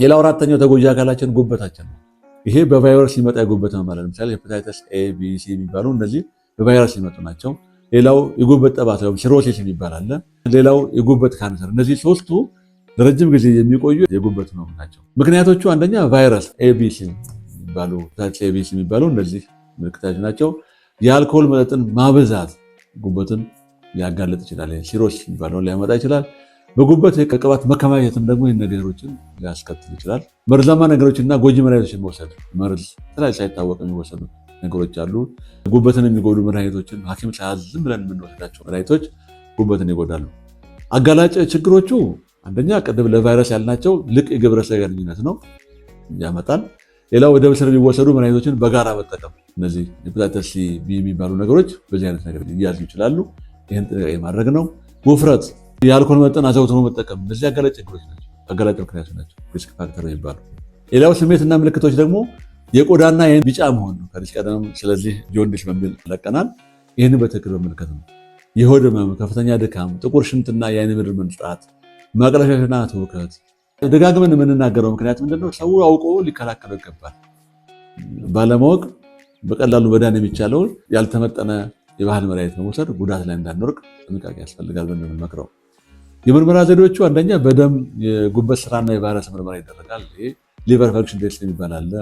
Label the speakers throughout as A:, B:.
A: ሌላ አራተኛው ተጎጂ አካላችን ጉበታችን ነው። ይሄ በቫይረስ ሊመጣ የጉበት ነው ማለት ለምሳሌ ሄፓታይተስ ኤ ቢ ሲ የሚባሉ እነዚህ በቫይረስ ሊመጡ ናቸው። ሌላው የጉበት ጠባት ወይም ሲሮሲስ የሚባል አለ። ሌላው የጉበት ካንሰር። እነዚህ ሶስቱ ለረጅም ጊዜ የሚቆዩ የጉበት ነው ናቸው። ምክንያቶቹ አንደኛ ቫይረስ ኤቢሲ የሚባሉ ኤቢሲ የሚባሉ እነዚህ ምልክታች ናቸው። የአልኮል መጠጥን ማበዛት ጉበትን ሊያጋለጥ ይችላል። ሲሮሲስ የሚባለውን ሊያመጣ ይችላል። በጉበት ቅባት መከማየትም ደግሞ ይህን ነገሮችን ሊያስከትል ይችላል። መርዛማ ነገሮች እና ጎጂ መድኃኒቶችን መውሰድ መርዝ ተለያዩ ሳይታወቅ የሚወሰዱ ነገሮች አሉ። ጉበትን የሚጎዱ መድኃኒቶችን ሐኪም ሳያዝም ብለን የምንወስዳቸው መድኃኒቶች ጉበትን ይጎዳሉ። አጋላጭ ችግሮቹ አንደኛ ቅድም ለቫይረስ ያልናቸው ልቅ የግብረ ሥጋ ግንኙነት ነው ያመጣል። ሌላው ወደ ምስር የሚወሰዱ መድኃኒቶችን በጋራ መጠቀም፣ እነዚህ ሄፓታይተስ ሲ ቢ የሚባሉ ነገሮች በዚህ አይነት ነገር ሊያዙ ይችላሉ። ይህን ጥንቃቄ ማድረግ ነው። ውፍረት የአልኮል መጠን አዘውትሮ መጠቀም እዚህ አጋላጭ ችግሮች ናቸው፣ አጋላጭ ምክንያቶች ናቸው ሪስክ ፋክተር የሚባሉ። ሌላው ስሜት እና ምልክቶች ደግሞ የቆዳና ይህን ቢጫ መሆን ነው። ከዚህ ቀደም ስለዚህ ጆንዲስ በሚል ለቀናል። ይህን በትክክል በመልከት ነው። የሆድ ህመም፣ ከፍተኛ ድካም፣ ጥቁር ሽንትና የአይን ምድር መንጣት፣ ማቅለሽለሽና ትውከት። ደጋግመን የምንናገረው ምክንያት ምንድነው? ሰው አውቆ ሊከላከለው ይገባል። ባለማወቅ በቀላሉ መዳን የሚቻለውን ያልተመጠነ የባህል መድኃኒት መውሰድ ጉዳት ላይ እንዳንወርቅ ጥንቃቄ ያስፈልጋል ብንመክረው የምርመራ ዘዴዎቹ አንደኛ በደም የጉበት ስራና የቫይረስ ምርመራ ይደረጋል። ሊቨር ፈንክሽን ቴስት የሚባል አለ።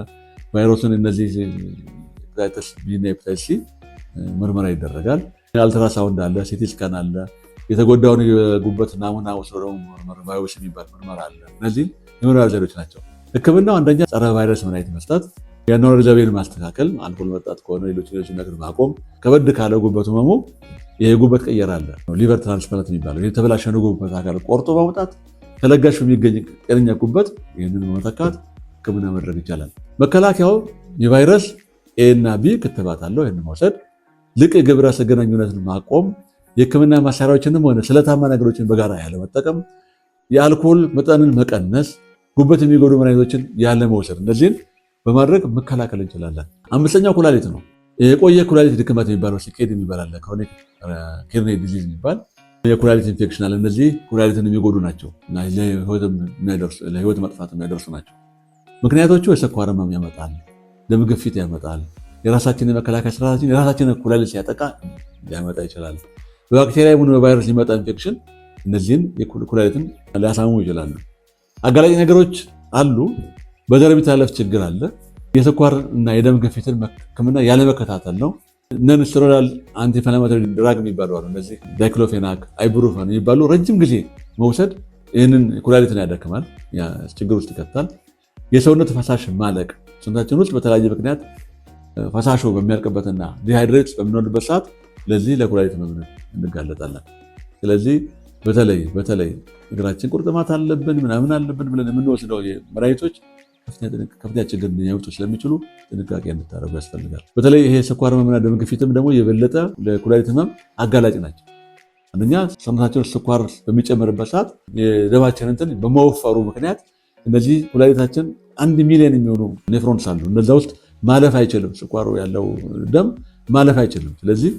A: ቫይረሱን እነዚህ ቢና ሄፓታይተስ ምርመራ ይደረጋል። አልትራሳውንድ አለ፣ ሲቲ ስካን አለ። የተጎዳውን የጉበት ናሙና ወስዶ ደግሞ ባዮፕሲ የሚባል ምርመራ አለ። እነዚህ የምርመራ ዘዴዎች ናቸው። ህክምናው አንደኛ ጸረ ቫይረስ መድኃኒት መስጠት፣ የአኗኗር ዘይቤን ማስተካከል፣ አልኮል መጠጣት ከሆነ ሌሎች ሌሎች ነገር ማቆም፣ ከበድ ካለ ጉበቱ መሞ የጉበት ቀየር አለ ሊቨር ትራንስፕላንት የሚባለው የተበላሸ ጉበት አካል ቆርጦ በመውጣት ከለጋሽ በሚገኝ ጤነኛ ጉበት ይህንን በመተካት ሕክምና መድረግ ይቻላል። መከላከያው የቫይረስ ኤ እና ቢ ክትባት አለው። ይህን መውሰድ ልቅ የግብረ ሥጋ ግንኙነትን ማቆም፣ የሕክምና መሳሪያዎችንም ሆነ ስለታማ ነገሮችን በጋራ ያለመጠቀም፣ የአልኮል መጠንን መቀነስ፣ ጉበት የሚጎዱ መድኃኒቶችን ያለመውሰድ፣ እነዚህን በማድረግ መከላከል እንችላለን። አምስተኛው ኩላሊት ነው። የቆየ ኩላሊት ድክመት የሚባለው ሲቄድ የሚባል ክሮኒክ ኪድኒ ዲዚዝ የሚባል የኩላሊት ኢንፌክሽን አለ። እነዚህ ኩላሊትን የሚጎዱ ናቸው ለህይወት መጥፋት የሚያደርሱ ናቸው። ምክንያቶቹ የስኳር ህመም ያመጣል፣ ደም ግፊት ያመጣል፣ የራሳችን የመከላከያ ስራችን የራሳችን ኩላሊት ሲያጠቃ ሊያመጣ ይችላል። በባክቴሪያ ሆነ በቫይረስ ሊመጣ ኢንፌክሽን እነዚህን ኩላሊትን ሊያሳምሙ ይችላሉ። አጋላጭ ነገሮች አሉ። በዘር የሚተላለፍ ችግር አለ። የስኳር እና የደም ግፊትን ሕክምና ያለመከታተል ነው። ነን ስቴሮይዳል አንቲኢንፍላማቶሪ ድራግ የሚባሉ አሉ። እነዚህ ዳይክሎፌናክ፣ አይቡፕሮፌን የሚባሉ ረጅም ጊዜ መውሰድ ይህንን ኩላሊትን ያደክማል፣ ችግር ውስጥ ይከታል። የሰውነት ፈሳሽ ማለቅ፣ ሰውነታችን ውስጥ በተለያየ ምክንያት ፈሳሹ በሚያልቅበትና ዲሃይድሬት በምንሆንበት ሰዓት ለዚህ ለኩላሊት መምነ እንጋለጣለን። ስለዚህ በተለይ በተለይ እግራችን ቁርጥማት አለብን ምናምን አለብን ብለን የምንወስደው መድኃኒቶች ከፍተኛ ችግር ሊያመጡ ስለሚችሉ ጥንቃቄ እንድታደርጉ ያስፈልጋል። በተለይ ይሄ ስኳር ህመምና ደም ግፊትም ደግሞ የበለጠ ለኩላሊት ህመም አጋላጭ ናቸው። አንደኛ ሰውነታችን ስኳር በሚጨምርበት ሰዓት የደማችን እንትን በመወፈሩ ምክንያት እነዚህ ኩላሊታችን አንድ ሚሊዮን የሚሆኑ ኔፍሮንስ አሉ። እነዛ ውስጥ ማለፍ አይችልም፣ ስኳሩ ያለው ደም ማለፍ አይችልም። ስለዚህ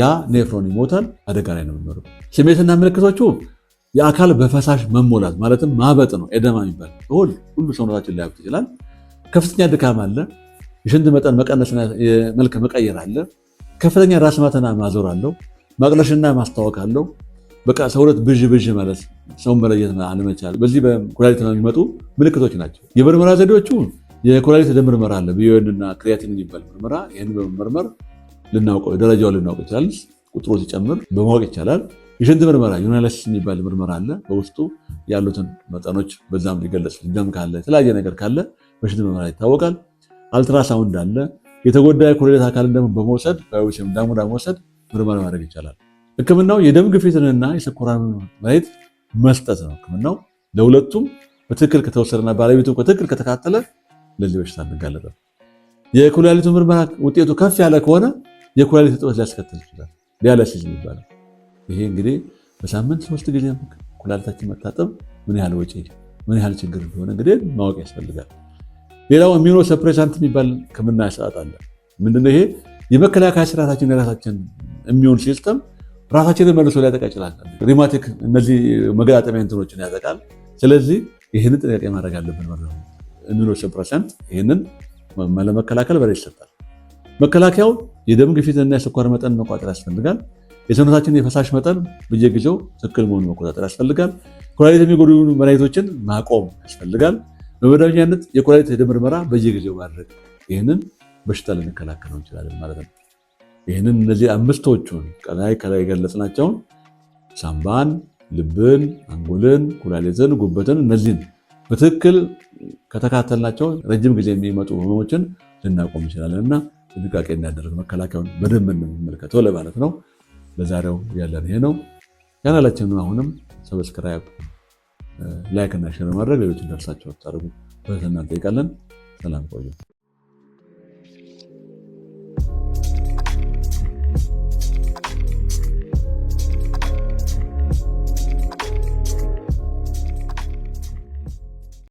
A: ያ ኔፍሮን ይሞታል፣ አደጋ ላይ ነው የሚኖረው። ስሜትና ምልክቶቹ የአካል በፈሳሽ መሞላት ማለትም ማበጥ ነው። ኤደማ የሚባል ሆድ ሁሉ ሰውነታችን ሊያብጥ ይችላል። ከፍተኛ ድካም አለ። የሽንት መጠን መቀነስና መልክ መቀየር አለ። ከፍተኛ ራስ ማተና ማዞር አለው። ማቅለሽና ማስታወክ አለው። በቃ ሰውነት ብዥ ብዥ ማለት ሰው መለየት አለመቻል፣ በዚህ በኩላሊት የሚመጡ ምልክቶች ናቸው። የምርመራ ዘዴዎቹ የኩላሊት ደም ምርመራ አለ፣ ቢዩሪንና ክሪያቲን የሚባል ምርመራ። ይህን በመመርመር ልናውቀው ደረጃው ልናውቅ ይችላል። ቁጥሩ ሲጨምር በማወቅ ይቻላል። የሽንት ምርመራ ዩናለስ የሚባል ምርመራ አለ። በውስጡ ያሉትን መጠኖች በዛም ሊገለጽ ደም ካለ የተለያየ ነገር ካለ በሽንት ምርመራ ይታወቃል። አልትራሳውንድ አለ። የተጎዳ የኮሌት አካል ደግሞ በመውሰድ ወይም ዳሙ መውሰድ ምርመራ ማድረግ ይቻላል። ህክምናው የደም ግፊትንና የስኳር መሬት መስጠት ነው። ህክምናው ለሁለቱም በትክክል ከተወሰደና ባለቤቱ በትክክል ከተካተለ ለዚህ በሽታ እንጋለጠን። የኩላሊቱ ምርመራ ውጤቱ ከፍ ያለ ከሆነ የኩላሊት እጥበት ሊያስከትል ይችላል። ዲያሊሲስ የሚባለው ይሄ እንግዲህ በሳምንት ሶስት ጊዜ ኩላሊታችን መታጠብ ምን ያህል ወጪ ምን ያህል ችግር እንደሆነ እንግዲህ ማወቅ ያስፈልጋል። ሌላው ኢሚኖ ሰፕሬሳንት የሚባል ሕክምና ስርዓት አለ። ምንድነው ይሄ? የመከላከያ ስርዓታችን የራሳችን የሚሆን ሲስተም ራሳችንን መልሶ ሊያጠቃ ይችላል። ሪማቲክ እነዚህ መገጣጠሚያ እንትኖችን ያጠቃል። ስለዚህ ይህንን ጥንቃቄ ማድረግ አለብን ኢሚኖ ሰፕሬሳንት ይህንን ለመከላከል በላይ ይሰጣል። መከላከያው የደም ግፊትና የስኳር መጠን መቋጠር ያስፈልጋል። የሰውነታችን የፈሳሽ መጠን በየጊዜው ትክክል መሆኑን መቆጣጠር ያስፈልጋል። ኩላሊት የሚጎዱ መድኃኒቶችን ማቆም ያስፈልጋል። በመደበኛነት የኩላሊት የደም ምርመራ በየጊዜው ማድረግ፣ ይህንን በሽታ ልንከላከለው እንችላለን ማለት ነው። ይህንን እነዚህ አምስቶቹን ቀላይ ከላይ የገለጽናቸውን ሳምባን፣ ልብን፣ አንጎልን፣ ኩላሊትን፣ ጉበትን እነዚህን በትክክል ከተካተልናቸው ረጅም ጊዜ የሚመጡ ህመሞችን ልናቆም እንችላለን እና ጥንቃቄ እናደርግ። መከላከያውን በደንብ እንመልከተው ለማለት ነው። ለዛሬው ያለን ይሄ ነው። ቻናላችንን አሁንም ሰብስክራይብ፣ ላይክ እና ሼር ማድረግ ሌሎች እንደርሳቸው አታደርጉ በትህትና እንጠይቃለን። ሰላም ቆዩ።